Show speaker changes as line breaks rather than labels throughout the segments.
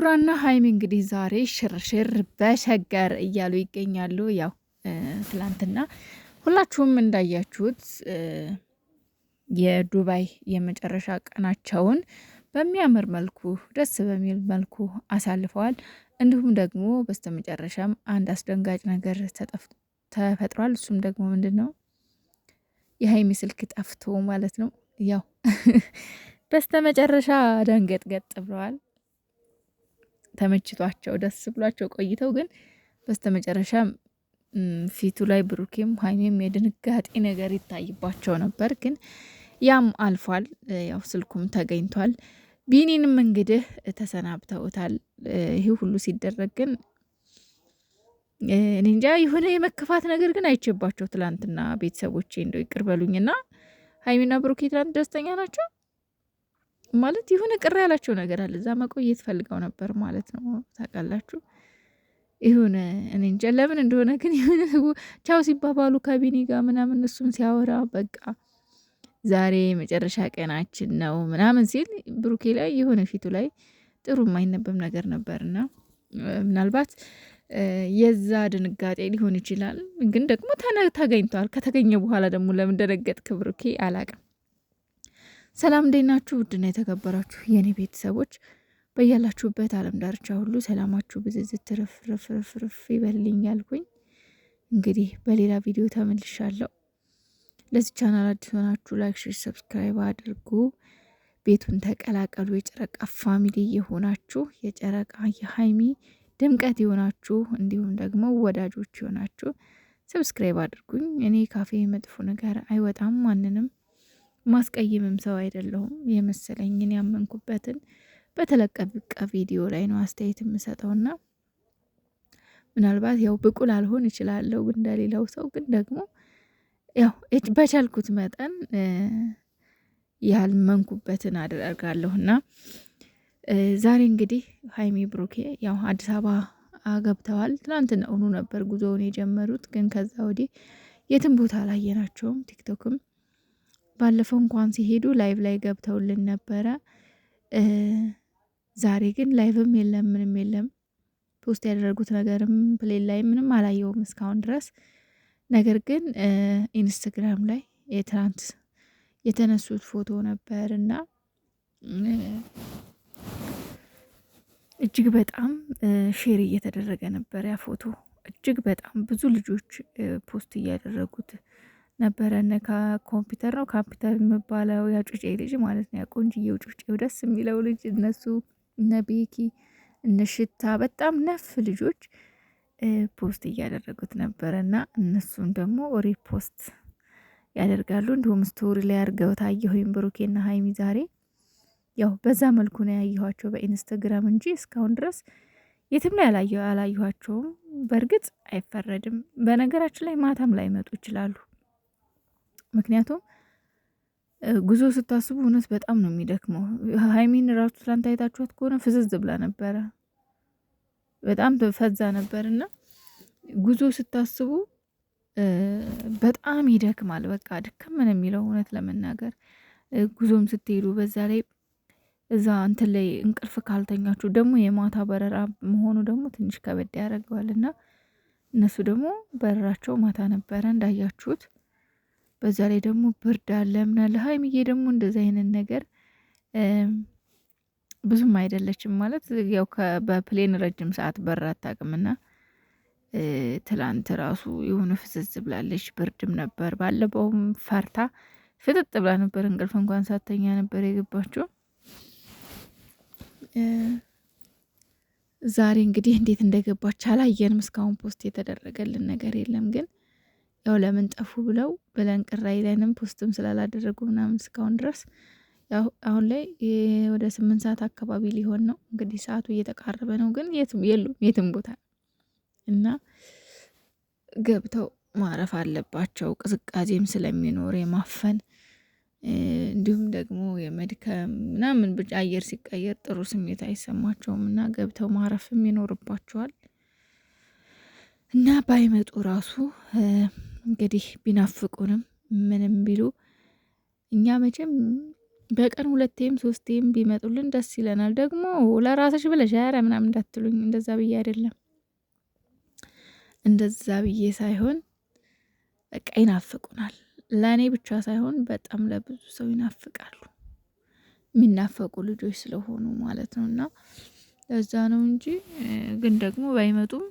ቡራና ሀይሚ እንግዲህ ዛሬ ሽርሽር በሸገር እያሉ ይገኛሉ። ያው ትላንትና ሁላችሁም እንዳያችሁት የዱባይ የመጨረሻ ቀናቸውን በሚያምር መልኩ ደስ በሚል መልኩ አሳልፈዋል። እንዲሁም ደግሞ በስተመጨረሻም አንድ አስደንጋጭ ነገር ተፈጥሯል። እሱም ደግሞ ምንድን ነው? የሀይሚ ስልክ ጠፍቶ ማለት ነው። ያው በስተመጨረሻ ደንገጥ ገጥ ብለዋል። ተመችቷቸው ደስ ብሏቸው ቆይተው ግን በስተመጨረሻ ፊቱ ላይ ብሩኬም ሀይሜም የድንጋጤ ነገር ይታይባቸው ነበር። ግን ያም አልፏል። ያው ስልኩም ተገኝቷል። ቢኒንም እንግዲህ ተሰናብተውታል። ይህ ሁሉ ሲደረግ ግን እኔ እንጃ የሆነ የመከፋት ነገር ግን አይቼባቸው ትላንትና ቤተሰቦቼ እንደው ይቅር በሉኝና ሀይሚና ብሩኬ ትላንት ደስተኛ ናቸው። ማለት የሆነ ቅር ያላቸው ነገር አለ። እዛ መቆየት ፈልገው ነበር ማለት ነው። ታውቃላችሁ የሆነ እኔ እንጃ ለምን እንደሆነ ግን የሆነ ቻው ሲባባሉ ከቢኒ ጋር ምናምን እሱም ሲያወራ በቃ ዛሬ መጨረሻ ቀናችን ነው ምናምን ሲል ብሩኬ ላይ የሆነ ፊቱ ላይ ጥሩ የማይነበብ ነገር ነበርና ምናልባት የዛ ድንጋጤ ሊሆን ይችላል። ግን ደግሞ ተገኝቷል። ከተገኘ በኋላ ደግሞ ለምን ደነገጥክ ብሩኬ አላቅም። ሰላም እንዴት ናችሁ? ውድና የተከበራችሁ የእኔ ቤተሰቦች በያላችሁበት ዓለም ዳርቻ ሁሉ ሰላማችሁ ብዝዝት ርፍርፍርፍርፍ ይበልልኝ ያልኩኝ እንግዲህ በሌላ ቪዲዮ ተመልሻለሁ። ለዚህ ቻናል አዲስ ሆናችሁ ላይክ፣ ሼር፣ ሰብስክራይብ አድርጉ። ቤቱን ተቀላቀሉ። የጨረቃ ፋሚሊ የሆናችሁ የጨረቃ የሀይሚ ድምቀት የሆናችሁ እንዲሁም ደግሞ ወዳጆች የሆናችሁ ሰብስክራይብ አድርጉኝ። እኔ ካፌ መጥፎ ነገር አይወጣም ማንንም ማስቀይምም ሰው አይደለሁም የመሰለኝን ያመንኩበትን በተለቀቀ ቪዲዮ ላይ ነው አስተያየት የምሰጠውና ምናልባት ያው ብቁ ላልሆን እችላለሁ እንደሌላው ሰው ግን ደግሞ ያው በቻልኩት መጠን ያልመንኩበትን እና ዛሬ እንግዲህ ሀይሚ ብሩኬ ያው አዲስ አበባ አገብተዋል። ትናንትና እውኑ ነበር ጉዞውን የጀመሩት፣ ግን ከዛ ወዲህ የትም ቦታ አላየናቸውም ቲክቶክም ባለፈው እንኳን ሲሄዱ ላይቭ ላይ ገብተውልን ነበረ። ዛሬ ግን ላይቭም የለም ምንም የለም። ፖስት ያደረጉት ነገርም ፕሌን ላይ ምንም አላየውም እስካሁን ድረስ። ነገር ግን ኢንስትግራም ላይ የትናንት የተነሱት ፎቶ ነበር እና እጅግ በጣም ሼር እየተደረገ ነበር ያ ፎቶ። እጅግ በጣም ብዙ ልጆች ፖስት እያደረጉት እነ ከኮምፒውተር ነው ካምፒውተር የሚባለው ያ ልጅ ማለት ነው። ያ ቆንጅዬው ደስ የሚለው ልጅ እነሱ እነ ቤኪ እነ ሽታ በጣም ነፍ ልጆች ፖስት እያደረጉት ነበረ እና እነሱን ደግሞ ሪፖስት ያደርጋሉ። እንዲሁም ስቶሪ ላይ አድርገው ታየሁኝ ብሩኬና ሀይሚ ዛሬ ያው በዛ መልኩ ነው ያየኋቸው በኢንስታግራም እንጂ እስካሁን ድረስ የትም ላይ አላየኋቸውም። በእርግጥ አይፈረድም። በነገራችን ላይ ማታም ላይመጡ ይችላሉ። ምክንያቱም ጉዞ ስታስቡ እውነት በጣም ነው የሚደክመው። ሀይሚን ራሱ ትላንት አይታችኋት ከሆነ ፍዝዝ ብላ ነበረ፣ በጣም ፈዛ ነበር። እና ጉዞ ስታስቡ በጣም ይደክማል። በቃ ድክም ነው የሚለው እውነት ለመናገር ጉዞም ስትሄዱ በዛ ላይ እዛ እንትን ላይ እንቅልፍ ካልተኛችሁ ደግሞ የማታ በረራ መሆኑ ደግሞ ትንሽ ከበድ ያደርገዋል እና እነሱ ደግሞ በረራቸው ማታ ነበረ እንዳያችሁት። በዛ ላይ ደግሞ ብርድ አለ ምናለ ሀይሚዬ ደግሞ እንደዚ አይነት ነገር ብዙም አይደለችም ማለት ያው በፕሌን ረጅም ሰዓት በራ አታውቅምና ትላንት ራሱ የሆነ ፍዝዝ ብላለች። ብርድም ነበር። ባለበውም ፈርታ ፍጥጥ ብላ ነበር። እንቅልፍ እንኳን ሳተኛ ነበር የገባችው። ዛሬ እንግዲህ እንዴት እንደገባች አላየንም። እስካሁን ፖስት የተደረገልን ነገር የለም ግን ያው ለምን ጠፉ ብለው ብለን ቅራይ ላይንም ፖስትም ስላላደረጉ ምናምን እስካሁን ድረስ አሁን ላይ ወደ ስምንት ሰዓት አካባቢ ሊሆን ነው እንግዲህ ሰዓቱ እየተቃረበ ነው። ግን የትም የሉም የትም ቦታ እና ገብተው ማረፍ አለባቸው። ቅዝቃዜም ስለሚኖር የማፈን እንዲሁም ደግሞ የመድከም ምናምን ብቻ አየር ሲቀየር ጥሩ ስሜት አይሰማቸውም እና ገብተው ማረፍም ይኖርባቸዋል እና ባይመጡ ራሱ እንግዲህ ቢናፍቁንም ምንም ቢሉ እኛ መቼም በቀን ሁለቴም ሶስቴም ቢመጡልን ደስ ይለናል። ደግሞ ለራስሽ ብለሽ ኧረ ምናምን እንዳትሉኝ፣ እንደዛ ብዬ አይደለም እንደዛ ብዬ ሳይሆን በቃ ይናፍቁናል። ለእኔ ብቻ ሳይሆን በጣም ለብዙ ሰው ይናፍቃሉ። የሚናፈቁ ልጆች ስለሆኑ ማለት ነው። እና ለዛ ነው እንጂ ግን ደግሞ ባይመጡም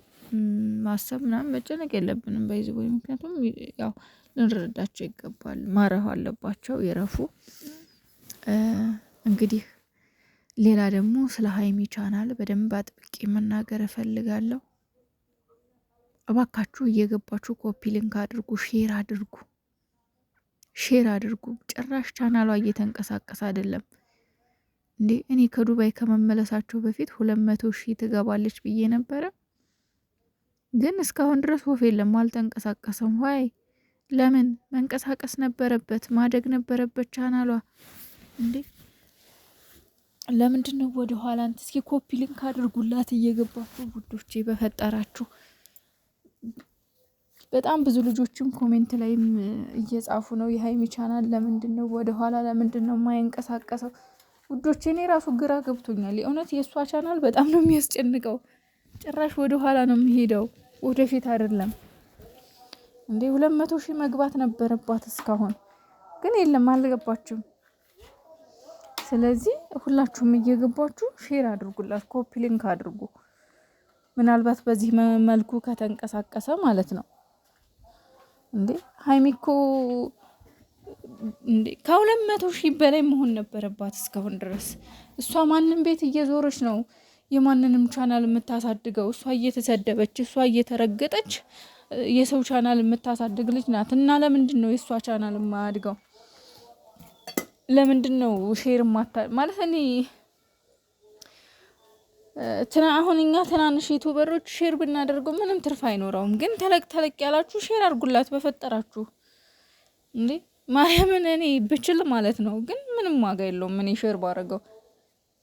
ማሰብ ምናምን መጨነቅ የለብንም ባይዘ ወይ ምክንያቱም ያው ልንረዳቸው ይገባል ማረፍ አለባቸው ይረፉ። እንግዲህ ሌላ ደግሞ ስለ ሀይሚ ቻናል በደንብ አጥብቄ መናገር እፈልጋለሁ። እባካችሁ እየገባችሁ ኮፒ ሊንክ አድርጉ፣ ሼር አድርጉ፣ ሼር አድርጉ። ጭራሽ ቻናሏ እየተንቀሳቀሰ አይደለም እንዴ! እኔ ከዱባይ ከመመለሳቸው በፊት ሁለት መቶ ሺህ ትገባለች ብዬ ነበረ። ግን እስካሁን ድረስ ወፍ የለም፣ አልተንቀሳቀሰም። ዋይ ለምን መንቀሳቀስ ነበረበት? ማደግ ነበረበት ቻናሏ እንዴ! ለምንድን ነው ወደ ኋላ? አንተ እስኪ ኮፒ ሊንክ አድርጉላት እየገባችሁ ውዶቼ፣ በፈጠራችሁ በጣም ብዙ ልጆችም ኮሜንት ላይም እየጻፉ ነው የሀይሚ ቻናል ለምንድን ነው ወደ ኋላ? ለምንድን ነው የማይንቀሳቀሰው? ውዶቼ እኔ ራሱ ግራ ገብቶኛል። የእውነት የእሷ ቻናል በጣም ነው የሚያስጨንቀው። ጭራሽ ወደ ኋላ ነው የሚሄደው፣ ወደፊት አይደለም እንዴ። ሁለት መቶ ሺህ መግባት ነበረባት እስካሁን ግን የለም፣ አልገባችም። ስለዚህ ሁላችሁም እየገባችሁ ሼር አድርጉላት፣ ኮፒ ሊንክ አድርጉ። ምናልባት በዚህ መልኩ ከተንቀሳቀሰ ማለት ነው። እንዴ ሀይሚ እንዴ ከሁለት መቶ ሺህ በላይ መሆን ነበረባት እስካሁን ድረስ። እሷ ማንም ቤት እየዞረች ነው የማንንም ቻናል የምታሳድገው እሷ እየተሰደበች እሷ እየተረገጠች የሰው ቻናል የምታሳድግ ልጅ ናት እና ለምንድን ነው የእሷ ቻናል የማያድገው? ለምንድን ነው ሼር ማታ ማለት እኔ አሁን እኛ ትናንሽ ዩቱበሮች ሼር ብናደርገው ምንም ትርፍ አይኖረውም። ግን ተለቅ ተለቅ ያላችሁ ሼር አድርጉላት በፈጠራችሁ እንዴ ማርያምን እኔ ብችል ማለት ነው። ግን ምንም ዋጋ የለውም እኔ ሼር ባረገው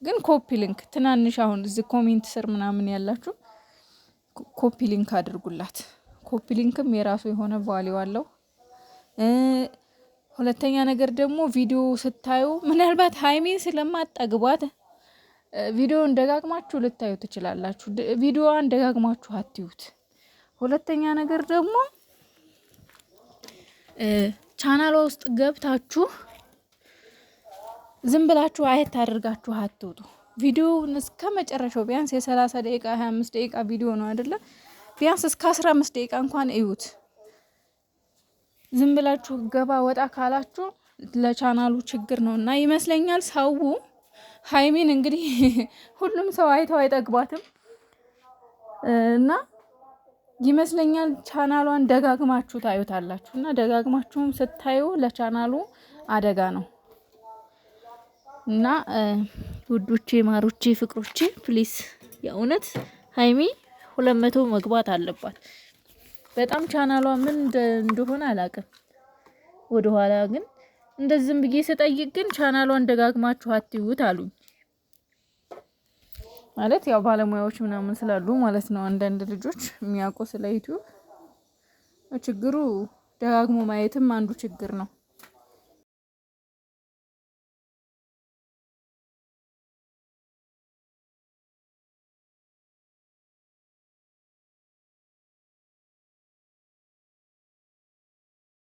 ግን ኮፒ ሊንክ ትናንሽ አሁን እዚህ ኮሜንት ስር ምናምን ያላችሁ ኮፒ ሊንክ አድርጉላት። ኮፒ ሊንክም የራሱ የሆነ ቫሊው አለው። ሁለተኛ ነገር ደግሞ ቪዲዮ ስታዩ ምናልባት ሀይሚን ስለማጠግቧት ቪዲዮን ደጋግማችሁ ልታዩ ትችላላችሁ። ቪዲዮዋን ደጋግማችሁ አትዩት። ሁለተኛ ነገር ደግሞ ቻናሏ ውስጥ ገብታችሁ ዝም ብላችሁ አየት አድርጋችሁ አትውጡ። ቪዲዮውን እስከ መጨረሻው ቢያንስ የሰላሳ ደቂቃ 25 ደቂቃ ቪዲዮ ነው አይደለ? ቢያንስ እስከ 15 ደቂቃ እንኳን እዩት። ዝም ብላችሁ ገባ ወጣ ካላችሁ ለቻናሉ ችግር ነው እና ይመስለኛል ሰው ሀይሚን እንግዲህ ሁሉም ሰው አይተው አይጠግባትም እና ይመስለኛል ቻናሏን ደጋግማችሁ ታዩታላችሁ እና ደጋግማችሁም ስታዩ ለቻናሉ አደጋ ነው። እና ውዶቼ ማሮቼ ፍቅሮቼ ፕሊስ የእውነት ሀይሚ ሁለት መቶ መግባት አለባት። በጣም ቻናሏ ምን እንደሆነ አላውቅም። ወደኋላ ግን እንደዚህም ብዬ ስጠይቅ ግን ቻናሏን ደጋግማችሁ አትዩት አሉኝ። ማለት ያው ባለሙያዎች ምናምን ስላሉ ማለት ነው። አንዳንድ ልጆች የሚያውቁ ስለ ዩቲዩብ ችግሩ ደጋግሞ ማየትም አንዱ ችግር ነው።